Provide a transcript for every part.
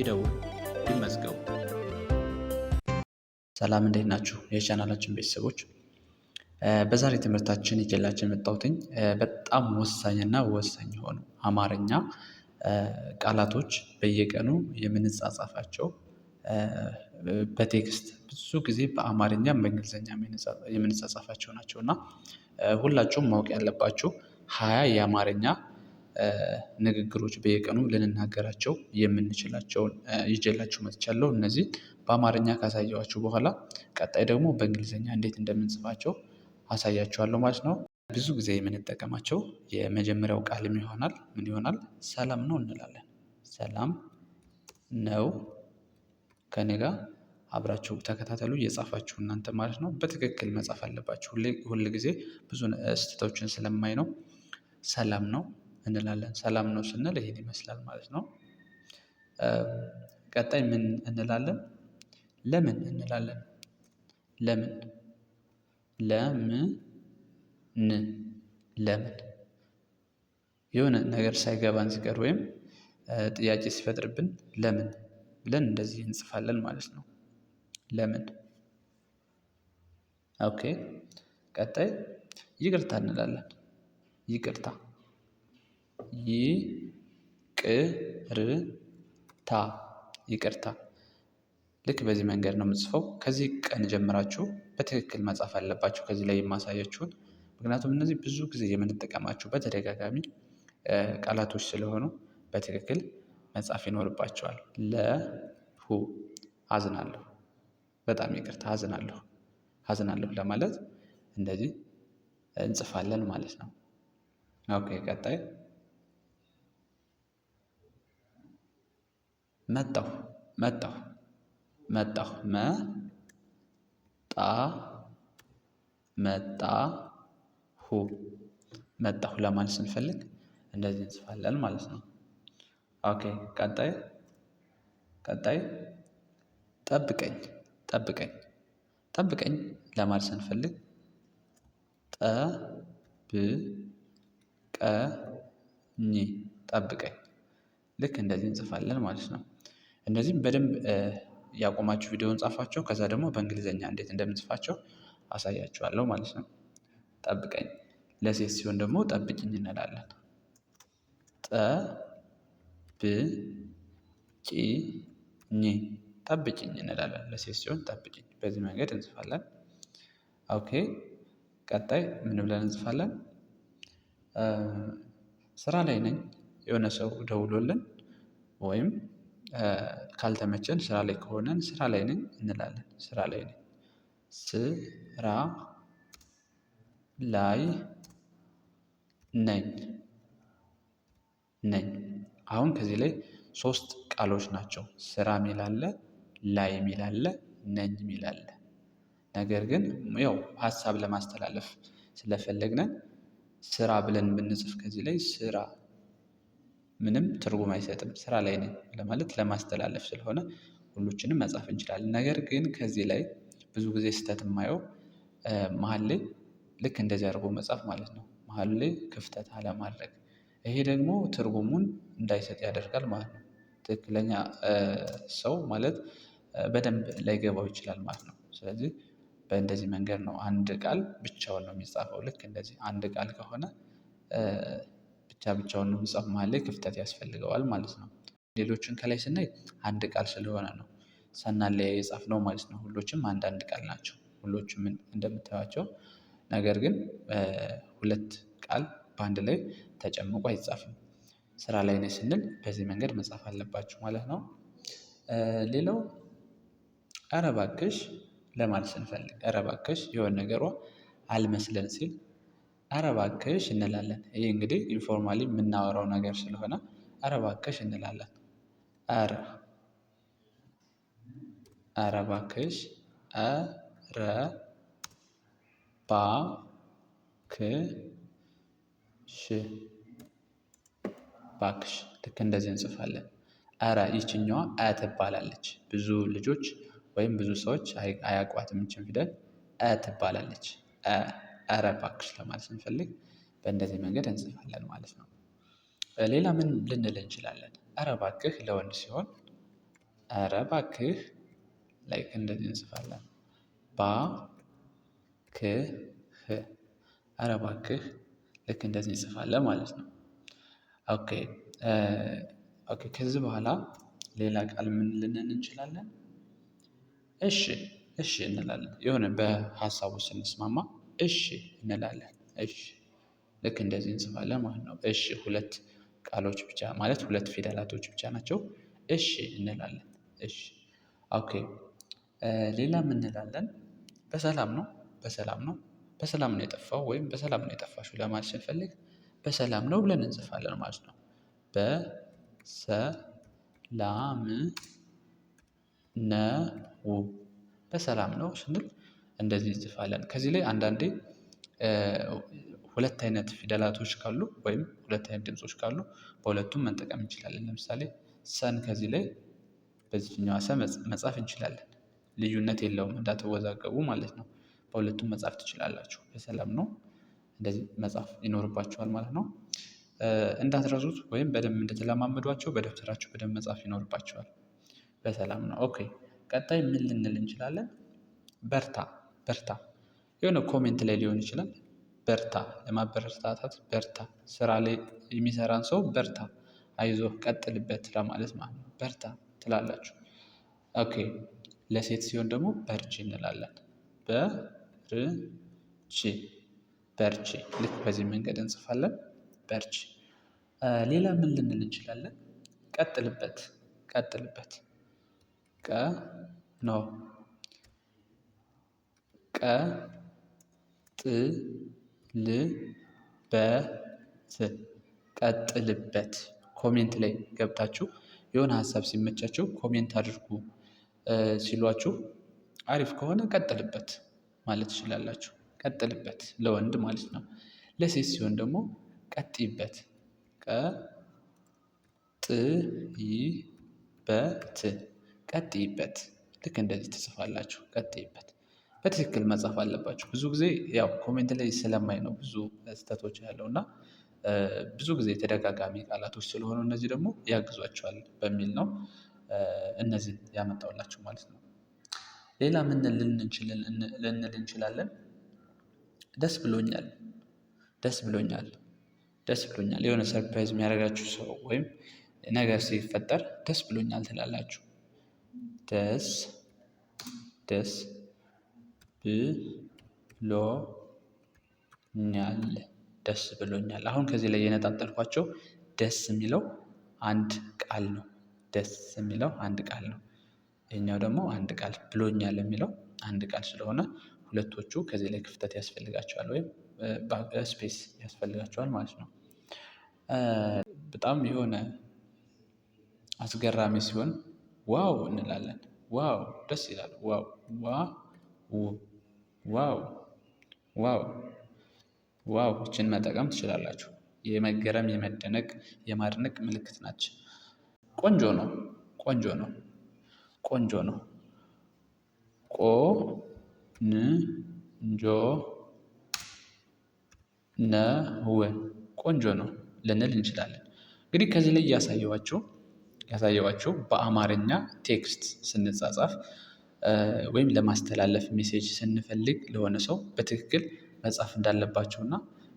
ይደውሉ፣ ይመዝገቡ። ሰላም እንዴት ናችሁ? የቻናላችን ቤተሰቦች በዛሬ ትምህርታችን ይዤላችሁ የመጣሁትኝ በጣም ወሳኝና ወሳኝ የሆኑ አማርኛ ቃላቶች በየቀኑ የምንጻጻፋቸው በቴክስት ብዙ ጊዜ በአማርኛ በእንግሊዝኛ የምንጻጻፋቸው ናቸው እና ሁላችሁም ማወቅ ያለባችሁ ሀያ የአማርኛ ንግግሮች በየቀኑ ልንናገራቸው የምንችላቸውን ይዤላችሁ መጥቻለሁ። እነዚህ በአማርኛ ካሳየኋችሁ በኋላ ቀጣይ ደግሞ በእንግሊዘኛ እንዴት እንደምንጽፋቸው አሳያችኋለሁ ማለት ነው። ብዙ ጊዜ የምንጠቀማቸው የመጀመሪያው ቃልም ይሆናል ምን ይሆናል ሰላም ነው እንላለን። ሰላም ነው ከኔጋ ጋር አብራችሁ ተከታተሉ እየጻፋችሁ እናንተ ማለት ነው። በትክክል መጻፍ አለባችሁ ሁሌ ሁል ጊዜ ብዙ ስህተቶችን ስለማይ ነው። ሰላም ነው እንላለን ሰላም ነው ስንል ይሄን ይመስላል ማለት ነው። ቀጣይ ምን እንላለን? ለምን እንላለን ለምን ለምን ለምን የሆነ ነገር ሳይገባን ሲቀር ወይም ጥያቄ ሲፈጥርብን ለምን ብለን እንደዚህ እንጽፋለን ማለት ነው። ለምን ኦኬ። ቀጣይ ይቅርታ እንላለን። ይቅርታ ይቅርታ ይቅርታ ልክ በዚህ መንገድ ነው የምጽፈው። ከዚህ ቀን ጀምራችሁ በትክክል መጻፍ አለባችሁ ከዚህ ላይ የማሳያችሁን ምክንያቱም እነዚህ ብዙ ጊዜ የምንጠቀማቸው በተደጋጋሚ ቃላቶች ስለሆኑ በትክክል መጻፍ ይኖርባቸዋል። ለሁ አዝናለሁ በጣም ይቅርታ አዝናለሁ አዝናለሁ ለማለት እንደዚህ እንጽፋለን ማለት ነው። ኦኬ ቀጣይ መጣሁ መጣሁ መጣሁ መ ጣ መጣ ሁ መጣሁ ለማለት ስንፈልግ እንደዚህ እንጽፋለን ማለት ነው። ኦኬ ቀጣይ ቀጣይ ጠብቀኝ ጠብቀኝ ጠብቀኝ ለማለት ስንፈልግ ጠ ብ ቀ ኝ ጠብቀኝ ልክ እንደዚህ እንጽፋለን ማለት ነው። እነዚህም በደንብ ያቆማችሁ ቪዲዮውን ጻፏቸው ከዛ ደግሞ በእንግሊዘኛ እንዴት እንደምንጽፋቸው አሳያችኋለሁ ማለት ነው። ጠብቀኝ ለሴት ሲሆን ደግሞ ጠብቂኝ እንላለን። ኝ ጠብቂኝ እንላለን ለሴት ሲሆን ጠብቅኝ በዚህ መንገድ እንጽፋለን። ኦኬ ቀጣይ ምን ብለን እንጽፋለን? ስራ ላይ ነኝ የሆነ ሰው ደውሎልን ወይም ካልተመቸን ስራ ላይ ከሆነን ስራ ላይ ነኝ እንላለን ስራ ላይ ነኝ ስራ ላይ ነኝ ነኝ አሁን ከዚህ ላይ ሶስት ቃሎች ናቸው። ስራ የሚል አለ፣ ላይ የሚል አለ፣ ነኝ የሚል አለ። ነገር ግን ያው ሀሳብ ለማስተላለፍ ስለፈለግን ስራ ብለን ብንጽፍ ከዚህ ላይ ስራ ምንም ትርጉም አይሰጥም ስራ ላይ ነኝ ለማለት ለማስተላለፍ ስለሆነ ሁሎችንም መጻፍ እንችላለን። ነገር ግን ከዚህ ላይ ብዙ ጊዜ ስህተት የማየው መሀል ላይ ልክ እንደዚህ አድርጎ መጻፍ ማለት ነው መሀል ላይ ክፍተት አለማድረግ ይሄ ደግሞ ትርጉሙን እንዳይሰጥ ያደርጋል ማለት ነው። ትክክለኛ ሰው ማለት በደንብ ላይገባው ይችላል ማለት ነው። ስለዚህ በእንደዚህ መንገድ ነው አንድ ቃል ብቻውን ነው የሚጻፈው ልክ እንደዚህ አንድ ቃል ከሆነ ብቻ ብቻውን ነው መሃል ላይ ክፍተት ያስፈልገዋል ማለት ነው። ሌሎችን ከላይ ስናይ አንድ ቃል ስለሆነ ነው የጻፍ ነው ማለት ነው። ሁሎችም አንዳንድ ቃል ናቸው ሁሎችም እንደምታዩዋቸው ነገር ግን ሁለት ቃል በአንድ ላይ ተጨምቆ አይጻፍም። ስራ ላይ ነኝ ስንል በዚህ መንገድ መጻፍ አለባችሁ ማለት ነው። ሌላው ኧረ እባክሽ ለማለት ስንፈልግ ኧረ እባክሽ የሆነ ነገሯ አልመስለን ሲል አረ እባክሽ እንላለን። ይህ እንግዲህ ኢንፎርማሊ የምናወራው ነገር ስለሆነ ኧረ እባክሽ እንላለን። አረ ኧረ እባክሽ ባክሽ ባክሽ ልክ እንደዚህ እንጽፋለን። አረ ይችኛዋ አ ትባላለች። ብዙ ልጆች ወይም ብዙ ሰዎች አያቋትም። ይችን ፊደል አ ትባላለች። ኧረ እባክሽ ለማለት ስንፈልግ በእንደዚህ መንገድ እንጽፋለን ማለት ነው። ሌላ ምን ልንል እንችላለን? ኧረ እባክህ ለወንድ ሲሆን ኧረ እባክህ ላይክ እንደዚህ እንጽፋለን። ባ ህ ኧረ እባክህ ልክ እንደዚህ እንጽፋለን ማለት ነው። ኦኬ ኦኬ። ከዚህ በኋላ ሌላ ቃል ምን ልንል እንችላለን? እሺ እሺ እንላለን። የሆነ በሀሳቡ ስንስማማ እሺ እንላለን እሺ ልክ እንደዚህ እንጽፋለን ማለት ነው። እሺ ሁለት ቃሎች ብቻ ማለት ሁለት ፊደላቶች ብቻ ናቸው። እሺ እንላለን እሺ ኦኬ። ሌላ ምን እንላለን? በሰላም ነው በሰላም ነው በሰላም ነው የጠፋው ወይም በሰላም ነው የጠፋሽው ለማለት ስንፈልግ በሰላም ነው ብለን እንጽፋለን ማለት ነው። በሰላም ነው በሰላም ነው ስንል እንደዚህ እንጽፋለን። ከዚህ ላይ አንዳንዴ ሁለት አይነት ፊደላቶች ካሉ ወይም ሁለት አይነት ድምጾች ካሉ በሁለቱም መጠቀም እንችላለን። ለምሳሌ ሰን ከዚህ ላይ በዚህኛው ሰ መጻፍ እንችላለን። ልዩነት የለውም እንዳትወዛገቡ ማለት ነው። በሁለቱም መጻፍ ትችላላችሁ። በሰላም ነው እንደዚህ መጻፍ ይኖርባችኋል ማለት ነው። እንዳትረሱት ወይም በደንብ እንደተለማመዷቸው በደብተራችሁ በደንብ መጻፍ ይኖርባችኋል። በሰላም ነው ኦኬ። ቀጣይ ምን ልንል እንችላለን? በርታ በርታ የሆነ ኮሜንት ላይ ሊሆን ይችላል በርታ ለማበረታታት በርታ ስራ ላይ የሚሰራን ሰው በርታ አይዞ ቀጥልበት ለማለት ማለት ነው። በርታ ትላላችሁ። ኦኬ ለሴት ሲሆን ደግሞ በርቺ እንላለን። በርቺ በርቺ ልክ በዚህ መንገድ እንጽፋለን። በርቺ ሌላ ምን ልንል እንችላለን? ቀጥልበት ቀጥልበት ቀ ነው ቀ ጥ ል በ ት ቀጥልበት ኮሜንት ላይ ገብታችሁ የሆነ ሀሳብ ሲመቻችሁ ኮሜንት አድርጉ ሲሏችሁ አሪፍ ከሆነ ቀጥልበት ማለት ትችላላችሁ። ቀጥልበት ለወንድ ማለት ነው። ለሴት ሲሆን ደግሞ ቀጥይበት ቀጥይበት ቀጥይበት ልክ እንደዚህ ትጽፋላችሁ። ቀጥይበት በትክክል መጻፍ አለባችሁ። ብዙ ጊዜ ያው ኮሜንት ላይ ስለማይ ነው ብዙ ስህተቶች ያለው እና ብዙ ጊዜ ተደጋጋሚ ቃላቶች ስለሆኑ እነዚህ ደግሞ ያግዟቸዋል በሚል ነው እነዚህ ያመጣሁላችሁ ማለት ነው። ሌላ ምን ልንል እንችላለን? ደስ ብሎኛል፣ ደስ ብሎኛል፣ ደስ ብሎኛል። የሆነ ሰርፕራይዝ የሚያደርጋችሁ ሰው ወይም ነገር ሲፈጠር ደስ ብሎኛል ትላላችሁ። ደስ ደስ ብሎኛል ደስ ብሎኛል አሁን ከዚህ ላይ የነጣጠልኳቸው ደስ የሚለው አንድ ቃል ነው ደስ የሚለው አንድ ቃል ነው። ይህኛው ደግሞ አንድ ቃል ብሎኛል የሚለው አንድ ቃል ስለሆነ ሁለቶቹ ከዚህ ላይ ክፍተት ያስፈልጋቸዋል ወይም ስፔስ ያስፈልጋቸዋል ማለት ነው። በጣም የሆነ አስገራሚ ሲሆን ዋው እንላለን ዋው ደስ ይላል ዋው ዋ ው ዋው ዋው ዋው እችን መጠቀም ትችላላችሁ። የመገረም የመደነቅ የማድነቅ ምልክት ናቸው። ቆንጆ ነው ቆንጆ ነው ቆንጆ ነው። ቆንጆ ነው ቆንጆ ነው ልንል እንችላለን። እንግዲህ ከዚህ ላይ ያሳየዋችሁ ያሳየዋችሁ በአማርኛ ቴክስት ስንጻጻፍ ወይም ለማስተላለፍ ሜሴጅ ስንፈልግ ለሆነ ሰው በትክክል መጻፍ እንዳለባቸው እና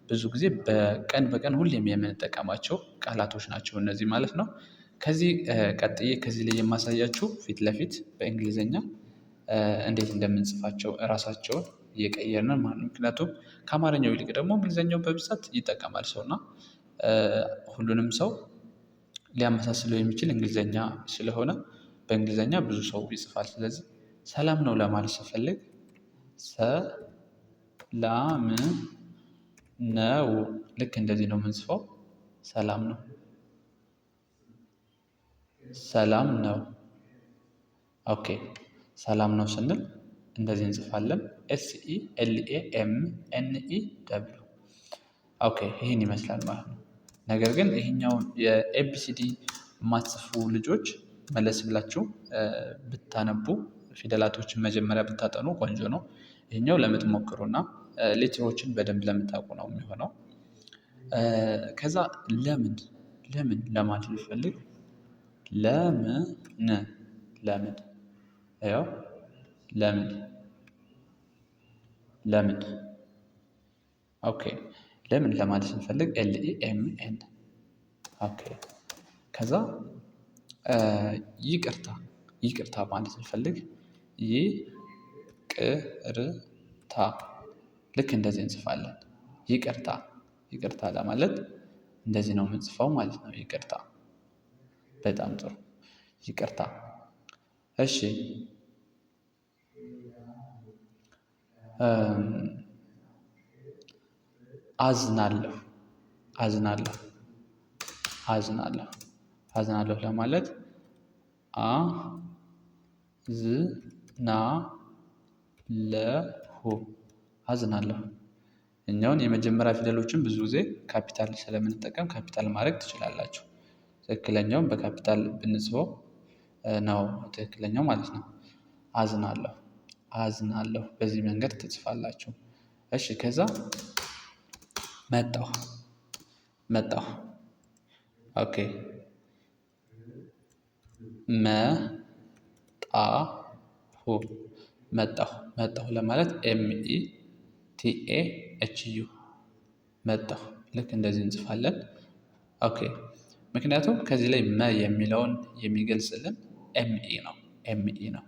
ብዙ ጊዜ በቀን በቀን ሁሌም የምንጠቀማቸው ቃላቶች ናቸው እነዚህ ማለት ነው። ከዚህ ቀጥዬ ከዚህ ላይ የማሳያችሁ ፊት ለፊት በእንግሊዘኛ እንዴት እንደምንጽፋቸው ራሳቸውን እየቀየርን ማለት ነው። ምክንያቱም ከአማርኛው ይልቅ ደግሞ እንግሊዘኛው በብዛት ይጠቀማል ሰው እና ሁሉንም ሰው ሊያመሳስለው የሚችል እንግሊዘኛ ስለሆነ በእንግሊዘኛ ብዙ ሰው ይጽፋል ስለዚህ ሰላም ነው ለማለት ስፈልግ ሰላም ነው። ልክ እንደዚህ ነው የምንጽፈው። ሰላም ነው፣ ሰላም ነው። ኦኬ ሰላም ነው ስንል እንደዚህ እንጽፋለን። ኤስኢ ኤልኤ ኤም ኤንኢ ደብሉ። ኦኬ ይህን ይመስላል ማለት ነው። ነገር ግን ይህኛውን የኤቢሲዲ የማትጽፉ ልጆች መለስ ብላችሁ ብታነቡ ፊደላቶችን መጀመሪያ ብታጠኑ ቆንጆ ነው። ይህኛው እና ሌትሮችን በደንብ ለምታውቁ ነው የሚሆነው። ከዛ ለምን ለምን ለማለት ብፈልግ ለምን ለምን ያው ለምን ለምን ኦኬ ለምን ለማለት ስንፈልግ ኤል ኢ ኤም ኤን ኦኬ። ከዛ ይቅርታ ይቅርታ ማለት ስንፈልግ ይቅርታ ልክ እንደዚህ እንጽፋለን። ይቅርታ ይቅርታ ለማለት እንደዚህ ነው የምንጽፈው ማለት ነው። ይቅርታ በጣም ጥሩ ይቅርታ። እሺ አዝናለሁ አዝናለሁ አዝናለሁ አዝናለሁ ለማለት አ ዝ ና ለሁ አዝናለሁ። እኛውን የመጀመሪያ ፊደሎችን ብዙ ጊዜ ካፒታል ስለምንጠቀም ካፒታል ማድረግ ትችላላችሁ። ትክክለኛውን በካፒታል ብንጽፈው ነው ትክክለኛው ማለት ነው። አዝናለሁ አዝናለሁ በዚህ መንገድ ትጽፋላችሁ። እሺ ከዛ መጣሁ መጣሁ ኦኬ መጣ ሁ መጣሁ መጣሁ ለማለት ኤምኢ ቲኤ ኤችዩ መጣሁ ልክ እንደዚህ እንጽፋለን። ኦኬ ምክንያቱም ከዚህ ላይ መ የሚለውን የሚገልጽልን ኤምኢ ነው ኤምኢ ነው።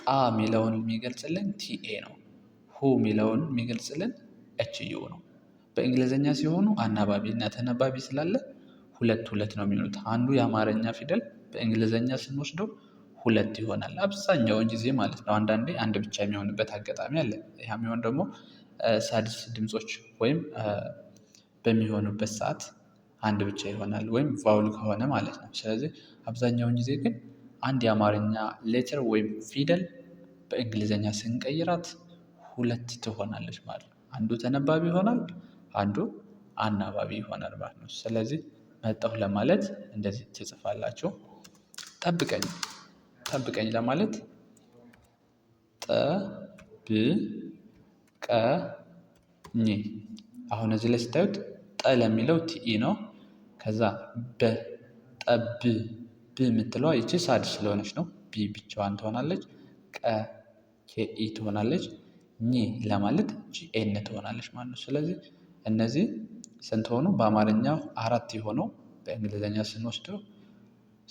ጣ የሚለውን የሚገልጽልን ቲኤ ነው። ሁ የሚለውን የሚገልጽልን ኤችዩ ነው። በእንግሊዝኛ ሲሆኑ አናባቢ እና ተነባቢ ስላለ ሁለት ሁለት ነው የሚሆኑት። አንዱ የአማርኛ ፊደል በእንግሊዝኛ ስንወስደው ሁለት ይሆናል አብዛኛውን ጊዜ ማለት ነው። አንዳንዴ አንድ ብቻ የሚሆንበት አጋጣሚ አለ። ያ የሚሆን ደግሞ ሳድስ ድምጾች ወይም በሚሆኑበት ሰዓት አንድ ብቻ ይሆናል ወይም ቫውል ከሆነ ማለት ነው። ስለዚህ አብዛኛውን ጊዜ ግን አንድ የአማርኛ ሌተር ወይም ፊደል በእንግሊዘኛ ስንቀይራት ሁለት ትሆናለች ማለት ነው። አንዱ ተነባቢ ይሆናል፣ አንዱ አናባቢ ይሆናል ማለት ነው። ስለዚህ መጣሁ ለማለት እንደዚህ ትጽፋላችሁ። ጠብቀኝ ጠብቀኝ ለማለት ጠብቀኝ። አሁን እዚህ ላይ ስታዩት ጠ ለሚለው ቲኢ ነው። ከዛ በጠብ ብ የምትለዋ ይቺ ሳድ ስለሆነች ነው ቢ ብቻዋን ትሆናለች። ቀ ኬኢ ትሆናለች። ኝ ለማለት ጂኤን ትሆናለች ማለት ነው። ስለዚህ እነዚህ ስንት ሆኑ? በአማርኛ አራት የሆነው በእንግሊዝኛ ስንወስደው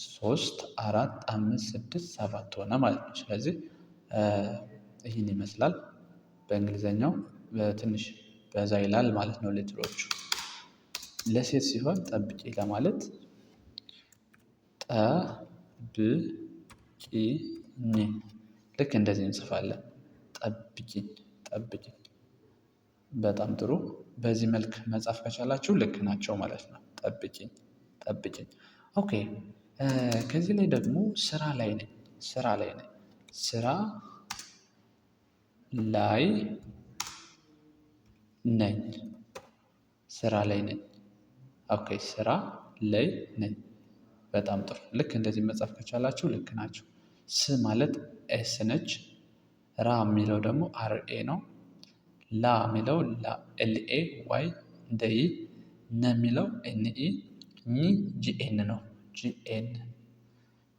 ሶስት አራት አምስት ስድስት ሰባት ሆነ ማለት ነው። ስለዚህ ይህን ይመስላል በእንግሊዘኛው ትንሽ በዛ ይላል ማለት ነው። ሌትሮቹ ለሴት ሲሆን ጠብቂ ለማለት ጠብቂኝ ልክ እንደዚህ እንጽፋለን። ጠብቂኝ ጠብቂኝ። በጣም ጥሩ። በዚህ መልክ መጻፍ ከቻላችሁ ልክ ናቸው ማለት ነው። ጠብቂኝ ጠብቂኝ። ኦኬ ከዚህ ላይ ደግሞ ስራ ላይ ነኝ ስራ ላይ ነኝ ስራ ላይ ነኝ ስራ ላይ ነኝ። ኦኬ ስራ ላይ ነኝ። በጣም ጥሩ። ልክ እንደዚህ መጻፍ ከቻላችሁ ልክ ናቸው። ስ ማለት ኤስ ነች። ራ የሚለው ደግሞ አርኤ ነው። ላ የሚለው ኤልኤ ዋይ እንደ ነ የሚለው ኤንኢ። ኒ ጂኤን ነው። ጂኤን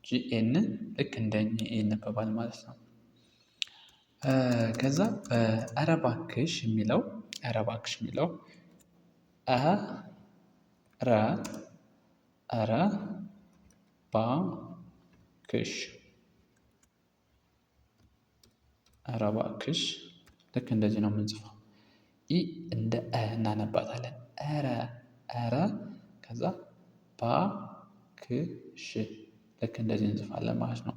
ጂኤን ልክ እንደ ይነበባል ማለት ነው። ከዛ በአረባክሽ የሚለው አረባክሽ የሚለው አረ አረ ባክሽ አረባክሽ ልክ እንደዚህ ነው የምንጽፈው። ይ እንደ እ እናነባታለን። አረ አረ ከዛ ባ ክ ሽ ልክ እንደዚህ እንጽፋለን ማለት ነው።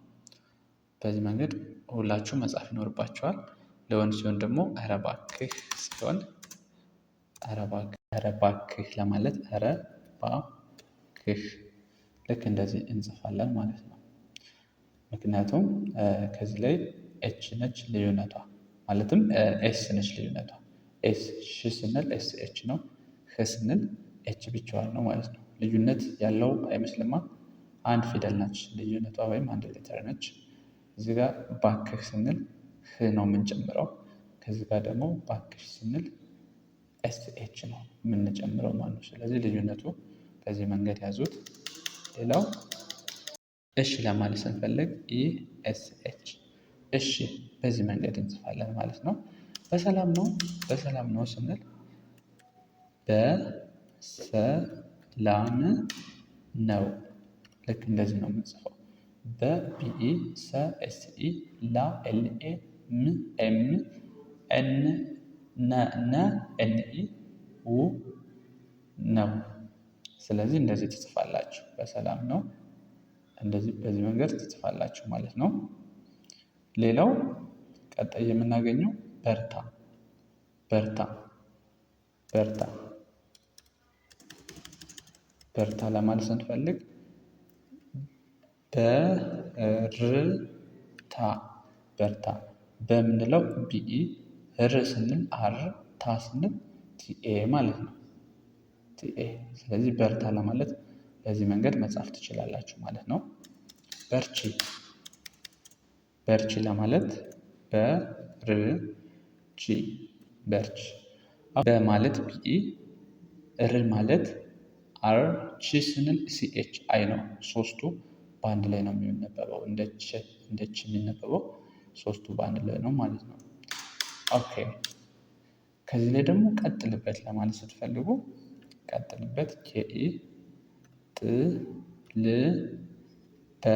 በዚህ መንገድ ሁላችሁ መጻፍ ይኖርባቸዋል። ለወንድ ሲሆን ደግሞ ኧረ እባክህ ሲሆን ኧረ እባክህ ለማለት ኧረ እባክህ ልክ እንደዚህ እንጽፋለን ማለት ነው። ምክንያቱም ከዚህ ላይ ኤች ነች ልዩነቷ፣ ማለትም ኤስ ነች ልዩነቷ። ኤስ ሽ ስንል ኤስ ኤች ነው፣ ህ ስንል ኤች ብቻዋን ነው ማለት ነው። ልዩነት ያለው አይመስልማ አንድ ፊደል ነች። ልዩነቷ ወይም አንድ ሌተር ነች። እዚህ ጋ ባክህ ስንል ህ ነው የምንጨምረው። ከዚህ ጋር ደግሞ ባክሽ ስንል ኤስ ኤች ነው የምንጨምረው ማለት ነው። ስለዚህ ልዩነቱ በዚህ መንገድ ያዙት። ሌላው እሺ ለማለት ስንፈልግ ኢ ኤስ ኤች እሺ በዚህ መንገድ እንጽፋለን ማለት ነው። በሰላም ነው በሰላም ነው ስንል በሰ ላም ነው። ልክ እንደዚህ ነው የምንጽፈው። በቢኢ ሰ ኤስኢ ላ ኤልኤ ም ኤም ኤን ነ ነ ኤንኢ ው ነው። ስለዚህ እንደዚህ ትጽፋላችሁ። በሰላም ነው። እንደዚህ በዚህ መንገድ ትጽፋላችሁ ማለት ነው። ሌላው ቀጣይ የምናገኘው በርታ በርታ በርታ በርታ ለማለት ስንፈልግ በርታ በርታ በምንለው ቢኢ ር ስንል አር ታ ስንል ቲኤ ማለት ነው። ቲኤ ስለዚህ በርታ ለማለት በዚህ መንገድ መጻፍ ትችላላችሁ ማለት ነው። በርቺ በርቺ ለማለት በርቺ በርቺ በማለት ቢኢ ር ማለት አር ቺ ስንል ሲኤች አይ ነው። ሶስቱ በአንድ ላይ ነው የሚነበበው። እንደ ቺ የሚነበበው ሶስቱ በአንድ ላይ ነው ማለት ነው። ኦኬ ከዚህ ላይ ደግሞ ቀጥልበት ለማለት ስትፈልጉ ቀጥልበት ኢ ጥ ል በ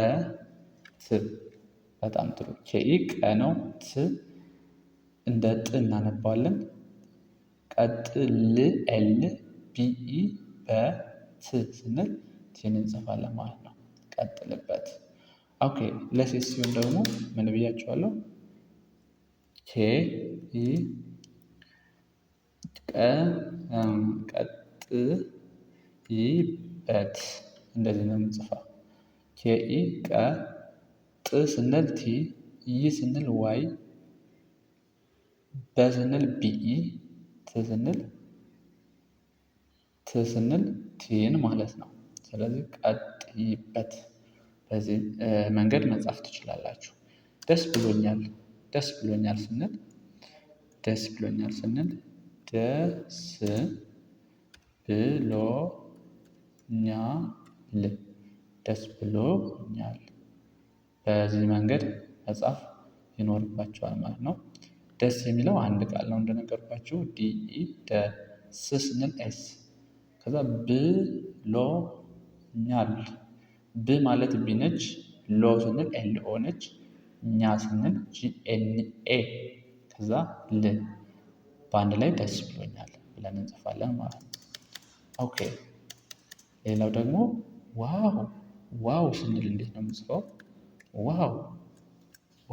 ት በጣም ጥሩ። ኢ ቀ ነው። ት እንደ ጥ እናነባለን። ቀጥል ኤል ቢኢ በ ት ስንል ቲን እንጽፋለን ማለት ነው። ቀጥልበት። ኦኬ ለሴት ሲሆን ደግሞ ምን ብያቸዋለሁ? ኬ ኢ ቀ ቀጥ ይ በት እንደዚህ ነው የምንጽፋው። ኬ ኢ ቀ ጥ ስንል ቲ ይ ስንል ዋይ በ ስንል ቢኢ ት ስንል ት ስንል ቴን ማለት ነው። ስለዚህ ቀጥይበት በዚህ መንገድ መጻፍ ትችላላችሁ። ደስ ብሎኛል ደስ ብሎኛል ስንል ደስ ብሎኛል ስንል ደስ ብሎኛል ደስ ብሎኛል በዚህ መንገድ መጻፍ ይኖርባቸዋል ማለት ነው። ደስ የሚለው አንድ ቃል ነው እንደነገርኳችሁ ዲኢ ደስ ስ ስንል ኤስ ከዛ ብሎኛል ብ ማለት ቢ ነች። ሎ ስንል ኤል ኦ ነች። እኛ ስንል ጂኤንኤ ኤ ከዛ ል በአንድ ላይ ደስ ብሎኛል ብለን እንጽፋለን ማለት ነው። ኦኬ ሌላው ደግሞ ዋው ዋው ስንል እንዴት ነው የምንጽፈው? ዋው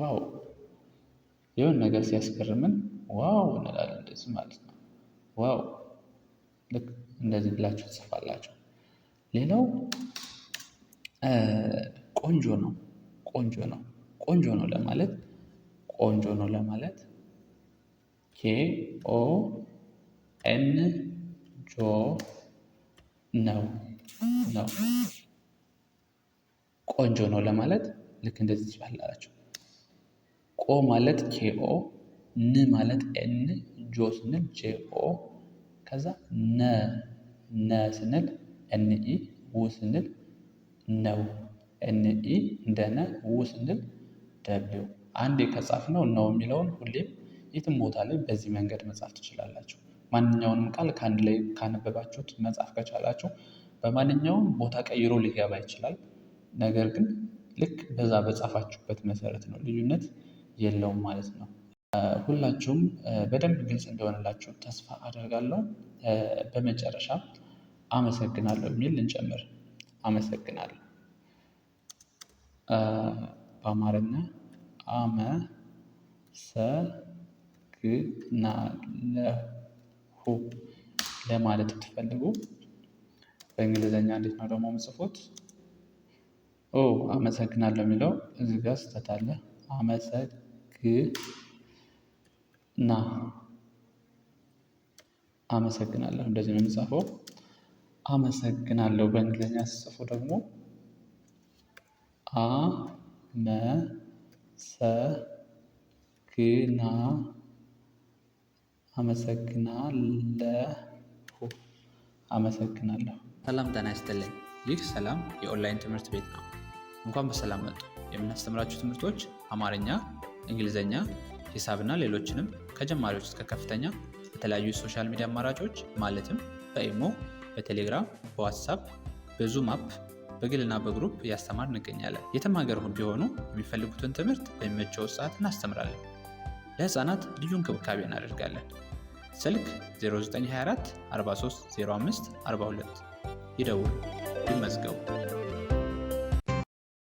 ዋው የሆን ነገር ሲያስገርምን ዋው እንላለን እንደዚህ ማለት ነው። ዋው ልክ እንደዚህ ብላችሁ ትጽፋላችሁ። ሌላው ቆንጆ ነው ቆንጆ ነው ቆንጆ ነው ለማለት ቆንጆ ነው ለማለት ኬ ኦ ኤን ጆ ነው ነው ቆንጆ ነው ለማለት ልክ እንደዚህ ትጽፋላችሁ። ቆ ማለት ኬኦ፣ ን ማለት ኤን፣ ጆ ስንል ጄኦ ከዛ ነ ነ ስንል ኤንኢ ው ስንል ነው ኤንኢ እንደ ነ ው ስንል ደብሊው አንዴ ነው ነው የሚለውን ሁሌም የትም ቦታ ላይ በዚህ መንገድ መጻፍ ትችላላችሁ። ማንኛውንም ቃል ከአንድ ላይ ካነበባችሁት መጻፍ ከቻላችሁ በማንኛውም ቦታ ቀይሮ ሊገባ ይችላል። ነገር ግን ልክ በዛ በጻፋችሁበት መሰረት ነው ልዩነት የለውም ማለት ነው ሁላችሁም በደንብ ግልጽ እንደሆነላችሁ ተስፋ አደርጋለሁ። በመጨረሻ አመሰግናለሁ የሚል ልንጨምር አመሰግናለሁ በአማርኛ አመ ሰ ግ ና ለ ሁ ለማለት ትፈልጉ በእንግሊዘኛ እንዴት ነው ደግሞ የምትጽፉት? ኦ አመሰግናለሁ የሚለው እዚህ ጋር ስህተት አለ። አመሰግ ና አመሰግናለሁ። እንደዚህ ነው የምንጻፈው። አመሰግናለሁ በእንግሊዝኛ ስጽፉ ደግሞ አ መ ሰ ና አመሰግናለሁ አመሰግናለሁ። ሰላም ጤና ይስጥልኝ። ይህ ሰላም የኦንላይን ትምህርት ቤት ነው። እንኳን በሰላም መጡ። የምናስተምራችሁ ትምህርቶች አማርኛ፣ እንግሊዝኛ ሂሳብና ሌሎችንም ከጀማሪዎች እስከ ከፍተኛ በተለያዩ የሶሻል ሚዲያ አማራጮች ማለትም በኢሞ፣ በቴሌግራም፣ በዋትሳፕ፣ በዙም አፕ በግልና በግሩፕ እያስተማር እንገኛለን። የትም ሀገር ቢሆኑ የሚፈልጉትን ትምህርት በሚመቸው ሰዓት እናስተምራለን። ለህፃናት ልዩ እንክብካቤ እናደርጋለን። ስልክ 0924 4305 42 ይመዝገቡ።